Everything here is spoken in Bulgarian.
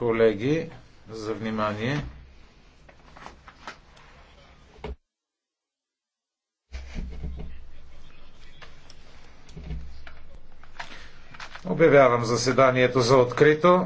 колеги, за внимание. Обявявам заседанието за открито.